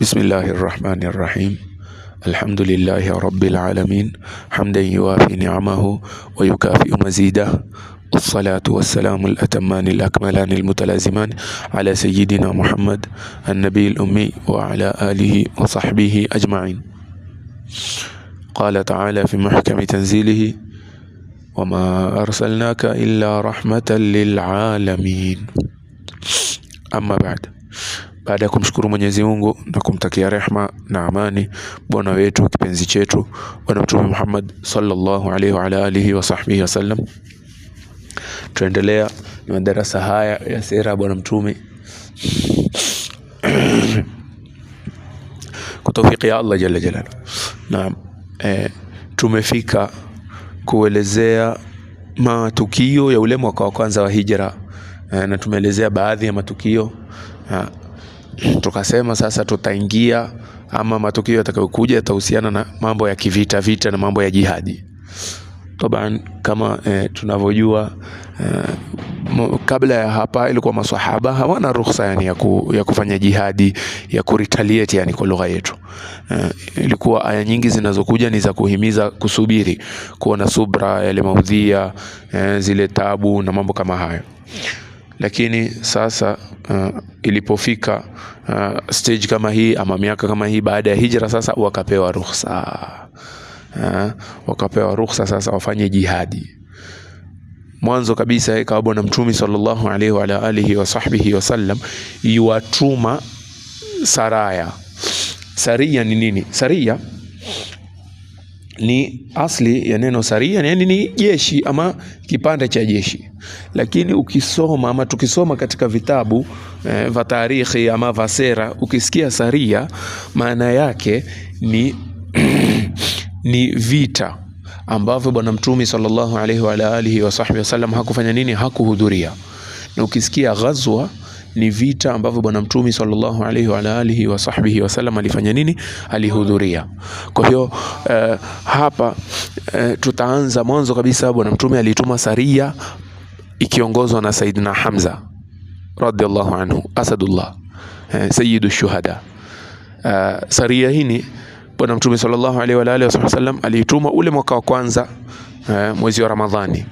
بسم الله الرحمن الرحيم الحمد لله رب العالمين حمدا يوافي نعمه ويكافئ مزيده الصلاة والسلام الأتمان الأكملان المتلازمان على سيدنا محمد النبي الأمي وعلى آله وصحبه أجمعين قال تعالى في محكم تنزيله وما أرسلناك إلا رحمة للعالمين أما بعد Baada ya kumshukuru Mwenyezi Mungu na kumtakia rehma na amani bwana wetu kipenzi chetu bwana Mtume Muhammad sallallahu alaihi wa alihi wa sahbihi wasallam, tuendelea na madarasa haya ya sera ya bwana Mtume kwa tawfiki ya Allah jalla jalala na eh, tumefika kuelezea matukio ya ule mwaka wa kwanza wa hijra eh, na tumeelezea baadhi ya matukio tukasema sasa tutaingia ama matukio yatakayokuja yatahusiana na mambo ya kivita vita na mambo ya jihadi. Taban kama eh, tunavyojua eh, kabla ya hapa ilikuwa maswahaba hawana ruhusa yani ya, ku, ya kufanya jihadi ya kuritaliate yani kwa lugha yetu. Eh, ilikuwa aya nyingi zinazokuja ni za kuhimiza kusubiri, kuwa na subra, yale maudhia eh, zile tabu na mambo kama hayo lakini sasa uh, ilipofika uh, stage kama hii ama miaka kama hii baada ya hijra, sasa wakapewa ruhusa uh, wakapewa ruhusa sasa wafanye jihadi. Mwanzo kabisa ikawa Bwana Mtume sallallahu alaihi wa alihi wa sahbihi wasallam iwatuma saraya. Saria ni nini? Saria ni asli ya neno saria, yani ni jeshi ama kipande cha jeshi. Lakini ukisoma ama tukisoma katika vitabu e, vya tarikhi ama vya sera, ukisikia saria maana yake ni ni vita ambavyo Bwana Mtume sallallahu alaihi wa alihi wasallam hakufanya nini, hakuhudhuria. Na ukisikia ghazwa ni vita ambavyo bwana mtume sallallahu alaihi wa alihi wa sahbihi wasallam alifanya nini? Alihudhuria. Kwa hiyo uh, hapa uh, tutaanza mwanzo kabisa. Bwana mtume alituma saria ikiongozwa na Saidina Hamza radhiallahu anhu asadullah, uh, sayyidu shuhada. Uh, saria hini bwana mtume sallallahu alaihi wa alihi wasallam aliituma ule mwaka wa kwanza, uh, mwezi wa Ramadhani,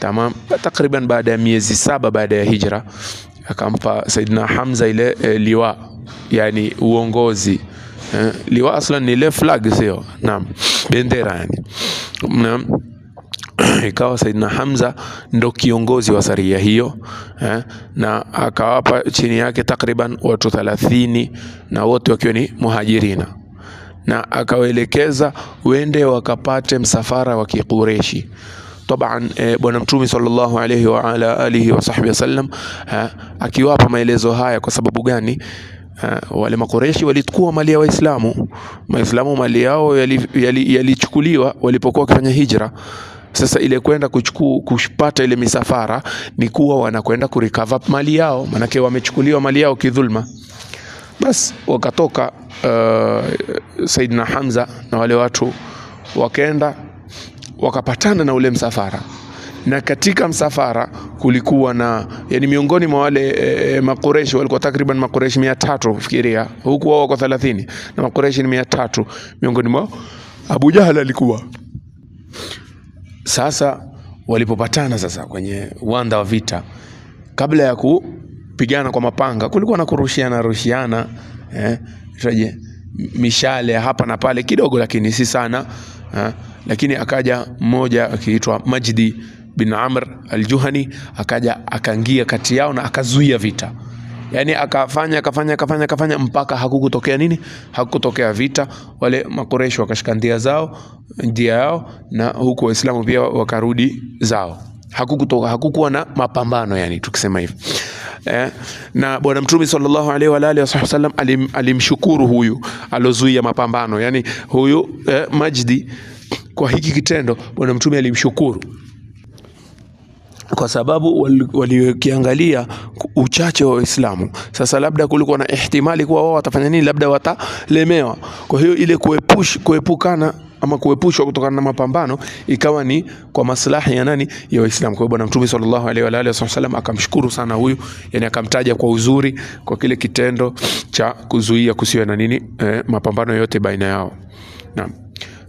tamam, takriban baada ya miezi saba baada ya hijra akampa Saidina Hamza ile e, liwa yani uongozi eh, liwa aslan ni ile flag sio? Naam, bendera yani. Naam. Ikawa Saidina Hamza ndo kiongozi wa saria hiyo eh, na akawapa chini yake takriban watu thalathini na wote wakiwa ni muhajirina na akawaelekeza wende wakapate msafara wa Kikureshi. طبعا e, Bwana Mtume الله عليه وعلى ala وصحبه وسلم sahbihi wasallam akiwapa maelezo haya kwa sababu gani? wale makoreshi walitukua mali ya Waislamu. Waislamu mali yao yalichukuliwa yali, yali walipokuwa wakifanya hijra. Sasa ile kwenda kuchukua kupata ile misafara ni kuwa wanakwenda kurecover mali yao, manake wamechukuliwa mali yao kidhulma. Bas wakatoka uh, saidna Hamza na wale watu wakaenda wakapatana na ule msafara na katika msafara kulikuwa na yani, miongoni mwa wale e, eh, eh, makureshi walikuwa takriban makureshi mia tatu fikiria, huku wao wako 30 na makureshi ni mia tatu miongoni mwao Abu Jahal alikuwa. Sasa walipopatana sasa kwenye uwanda wa vita, kabla ya kupigana kwa mapanga, kulikuwa na kurushiana rushiana, eh, mishale hapa na pale kidogo, lakini si sana eh lakini akaja mmoja akiitwa Majdi bin Amr al-Juhani akaja akaingia kati yao na akazuia vita yaani akafanya akafanya akafanya akafanya mpaka hakukutokea nini, hakukutokea vita. Wale makoresho wakashika ndia zao ndia yao, na huko Waislamu pia wakarudi zao. Hakukutoka, hakukuwa na mapambano yani, tukisema hivi eh. Na Bwana Mtume sallallahu alaihi wa alihi wasallam alim, alimshukuru huyu alozuia mapambano yani huyu eh, Majdi kwa hiki kitendo Bwana Mtume alimshukuru kwa sababu walikiangalia uchache wa Uislamu. Sasa labda kulikuwa na ihtimali kuwa wao watafanya nini, labda watalemewa. Kwa hiyo ile kuepush, kuepukana ama kuepushwa kutokana na mapambano ikawa ni kwa maslahi ya nani? Ya Waislamu. Kwa hiyo Bwana Mtume sallallahu alaihi wa alihi wasallam akamshukuru sana huyu, yani akamtaja kwa uzuri kwa kile kitendo cha kuzuia kusiwe na nini, eh, mapambano yote baina yao. Naam.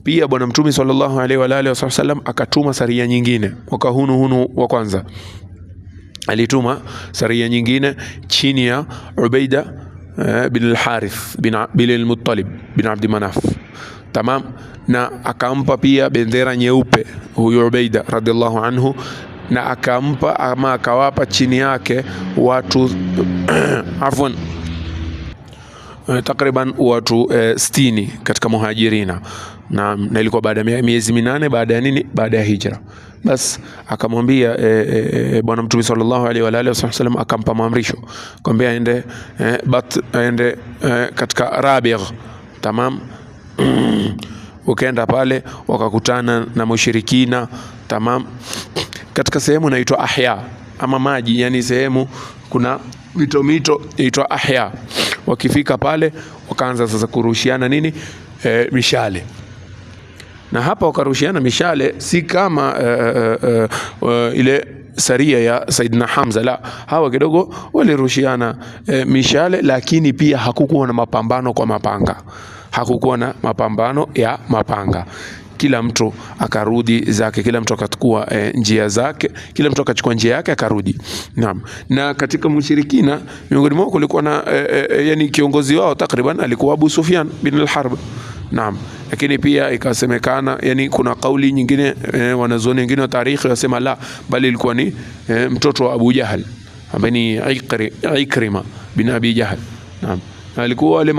Pia Bwana Mtume sallallahu alaihi wa alihi wasallam akatuma saria nyingine mwaka hunu hunu wa kwanza, alituma saria nyingine chini ya Ubaida eh, bin al-Harith bin, bin al-Muttalib bin Abd Manaf tamam, na akampa pia bendera nyeupe huyu Ubaida radhiallahu anhu na akampa ama akawapa chini yake watu afwan eh, takriban watu eh, sitini katika muhajirina na, na ilikuwa baada ya miezi minane baada ya nini, baada ya hijra. Bas akamwambia e, e, Bwana Mtume sallallahu alaihi wa alihi wasallam akampa maamrisho kwambia aende e, bat aende e, katika Rabigh, tamam ukaenda pale wakakutana na mushirikina tamam, katika sehemu inaitwa Ahya ama maji, yani sehemu kuna mito mito inaitwa Ahya. Wakifika pale wakaanza sasa kurushiana nini, e, mishale na hapa wakarushiana mishale, si kama uh, uh, uh, ile saria ya Saidina Hamza, la hawa kidogo walirushiana uh, mishale, lakini pia hakukuwa na mapambano kwa mapanga, hakukuwa na mapambano ya mapanga kila mtu akarudi zake, kila mtu akachukua e, njia zake, kila mtu akachukua njia yake akarudi. Naam. Na katika mushirikina miongoni mwao kulikuwa na e, e, yani kiongozi wao takriban alikuwa Abu Sufyan bin al-Harb Naam, lakini pia ikasemekana, yani kuna kauli nyingine e, wanazuoni wengine wa tarikhi wasema la, bali ilikuwa ni e, mtoto wa Abu Jahal ambaye ni Ikri, Ikrima bin Abi Jahal. Naam, alikuwa wale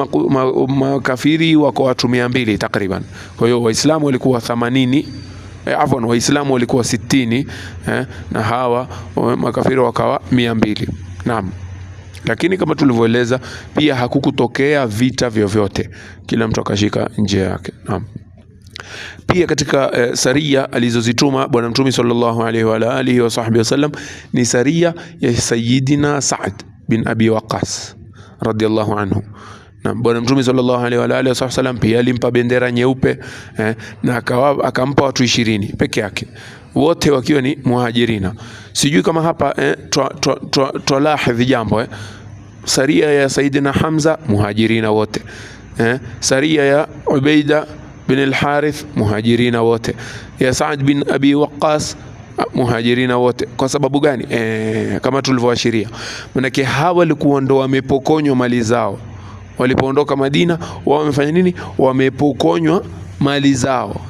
makafiri ma, ma wako watu mia mbili takriban. Kwa hiyo Waislamu walikuwa themanini eh, afwan Waislamu walikuwa sitini eh, na hawa makafiri wakawa mia mbili. Naam. Lakini kama tulivyoeleza pia hakukutokea vita vyovyote, kila mtu akashika njia yake. Naam. Pia katika e, saria alizozituma Bwana Mtume sallallahu alaihi wa alihi wa sahbihi wasallam ni saria ya Sayyidina sad bin Abi Waqas radhiallahu anhu. Na Bwana Mtume sallallahu alaihi wa alihi wasallam pia alimpa bendera nyeupe eh, na akampa watu ishirini peke yake wote wakiwa ni muhajirina. Sijui kama hapa eh, twalahidhi jambo eh. Saria ya Saidina Hamza muhajirina wote eh. Saria ya Ubaida bin al-Harith muhajirina wote ya Saad bin Abi Waqqas muhajirina wote. Kwa sababu gani? eh? kama tulivyoashiria, manake hawa walikuwa ndo wamepokonywa mali zao walipoondoka Madina, wao wamefanya nini? Wamepokonywa mali zao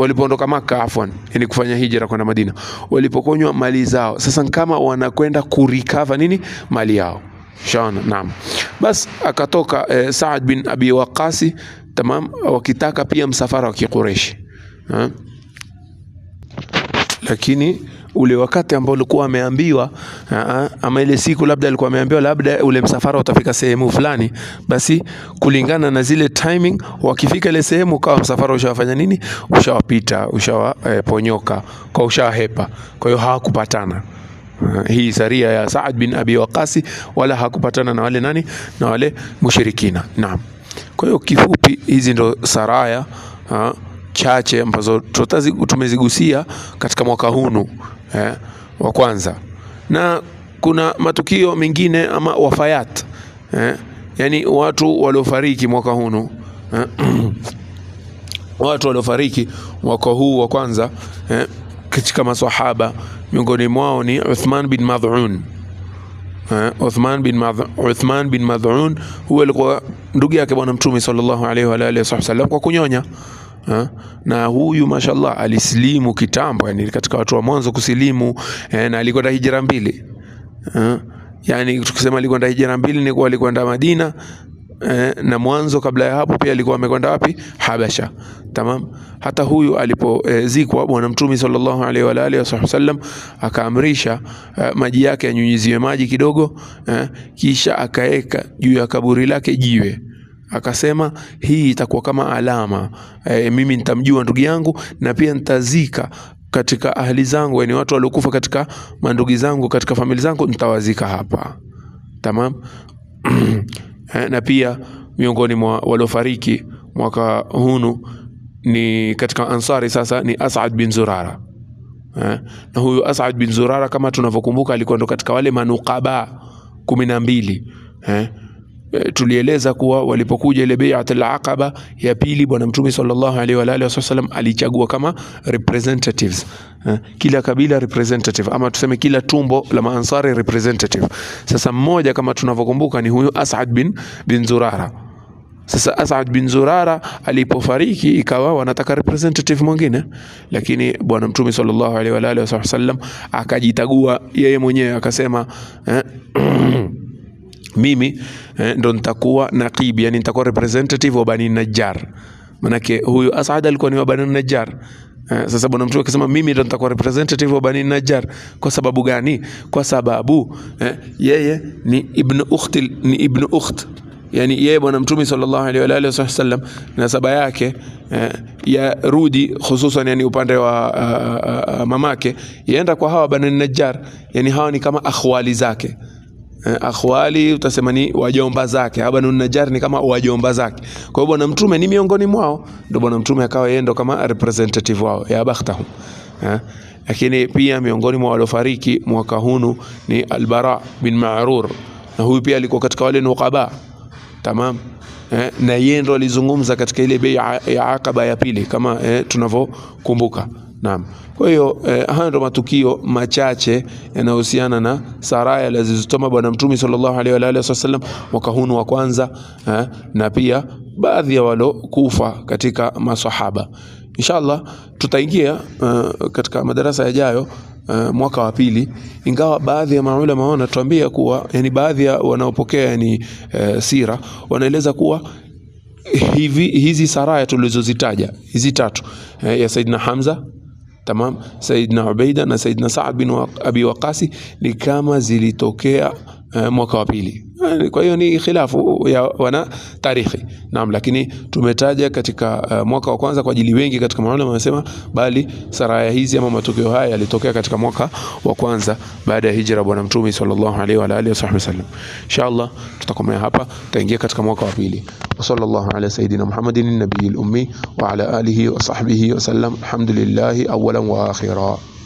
walipoondoka Maka, afwan, yani kufanya hijra kwenda Madina, walipokonywa mali zao. Sasa kama wanakwenda kurikava nini mali yao shaona. Naam, bas akatoka eh, Saad bin Abi Waqasi tamam, wakitaka pia msafara wa Kikureshi eh lakini ule wakati ambao alikuwa ameambiwa ah, ah, ama ile siku labda alikuwa ameambiwa labda ule msafara utafika sehemu fulani, basi kulingana na zile timing, wakifika ile sehemu kawa msafara ushawafanya nini, ushawapita, ushawaponyoka, eh, kwa ushawahepa, kwa hiyo hawakupatana. Ah, hii saria ya Saad bin Abi Waqasi wala hakupatana na wale nani na wale mushirikina. Naam. Kwa hiyo kifupi hizi ndo saraya ha, chache ambazo tumezigusia katika mwaka huu eh, wa kwanza, na kuna matukio mengine ama wafayat eh, yani watu waliofariki mwaka huu eh, watu waliofariki mwaka huu wa kwanza eh, katika maswahaba miongoni mwao ni Uthman bin Madhun Mad'un. Eh, Uthman bin Mad'un, Uthman bin Madhun huwa alikuwa ndugu yake Bwana Mtume sallallahu alaihi wa alihi wasallam kwa kunyonya Ha? Na huyu mashallah alisilimu kitambo, yani katika watu wa mwanzo kusilimu eh, na alikwenda hijra mbili ha? Yani tukisema alikwenda hijra mbili ni kuwa alikwenda Madina eh, na mwanzo kabla ya hapo pia alikuwa amekwenda wapi? Habasha. Tamam. Hata huyu alipozikwa eh, bwana Mtume sallallahu alaihi wa alihi wasallam akaamrisha eh, maji yake yanyunyiziwe maji kidogo eh, kisha akaeka juu ya kaburi lake jiwe Akasema hii itakuwa kama alama e, mimi nitamjua ndugu yangu na pia nitazika katika ahli zangu, yani watu waliokufa katika mandugu zangu, katika familia zangu nitawazika hapa. Tamam. Eh, na pia miongoni mwa waliofariki mwaka hunu ni katika Ansari sasa ni Asad bin Zurara eh? na huyu Asad bin Zurara kama tunavyokumbuka alikuwa ndo katika wale manukaba kumi na mbili eh? Eh, tulieleza kuwa walipokuja ile bai'at al aqaba ya pili, Bwana Mtume sallallahu alaihi wa alihi wasallam alichagua kama representatives eh, kila kabila representative, ama tuseme kila tumbo la maansari representative. Sasa mmoja kama tunavyokumbuka ni huyu As'ad bin, bin Zurara. Sasa As'ad bin Zurara alipofariki ikawa wanataka representative mwingine, lakini Bwana Mtume sallallahu alaihi wa alihi wasallam akajitagua yeye mwenyewe akasema eh, mimi eh, ndo nitakuwa naqib, yani nitakuwa representative wa Bani Najjar. Manake huyu Asad alikuwa ni wa Bani Najjar. Eh, sasa bwana mtume akisema mimi ndo nitakuwa representative wa Bani Najjar kwa sababu gani? Kwa sababu eh, yeye ni ibn ukht, ni ibn ukht yani yeye bwana mtume sallallahu alaihi wa alihi wasallam nasaba yake eh, ya rudi hususan yani upande wa uh, uh, mamake yaenda kwa hawa Bani Najjar, yani hawa ni kama akhwali zake eh, akhwali utasema ni wajomba zake, abanun najar ni kama wajomba zake. Kwa hiyo bwana mtume ni miongoni mwao, ndio bwana mtume akawa yeye ndo kama representative wao ya bakhtahum eh? Lakini pia miongoni mwa waliofariki mwaka hunu ni Albara bin Ma'rur, na huyu pia alikuwa katika wale nuqaba tamam. Eh, na yeye ndo alizungumza katika ile bei ya Aqaba ya pili kama eh, tunavyokumbuka. Naam. Kwa hiyo eh, haya ndio matukio machache yanayohusiana na saraya alizozitoma Bwana Mtume sallallahu alaihi wa alihi wasallam mwaka huu wa kwanza eh, na pia baadhi ya walokufa katika maswahaba. Inshallah tutaingia uh, katika madarasa yajayo uh, mwaka wa pili, ingawa baadhi ya maulama wanatuambia kuwa yani, baadhi ya wanaopokea yani, uh, sira wanaeleza kuwa hivi hizi saraya tulizozitaja hizi tatu eh, ya Saidina Hamza تمام سيدنا عبيدة نا سيدنا سعد بن أبي وقاسي لكما زيلي توكيا Eh, mwaka wa pili. Eh, kwa hiyo ni khilafu ya wana tarikhi. Naam, lakini tumetaja katika eh, mwaka wa kwanza kwa ajili wengi katika maana wamesema bali saraya hizi ama matukio haya yalitokea katika mwaka wa kwanza baada ya hijra bwana mtume sallallahu alaihi wa alihi wasallam. Inshallah tutakomea hapa, tutaingia katika mwaka wa pili. Wa sallallahu ala sayidina Muhammadin nabiyil ummi wa ala alihi wa sahbihi wa sallam. Alhamdulillah awwalan wa akhira.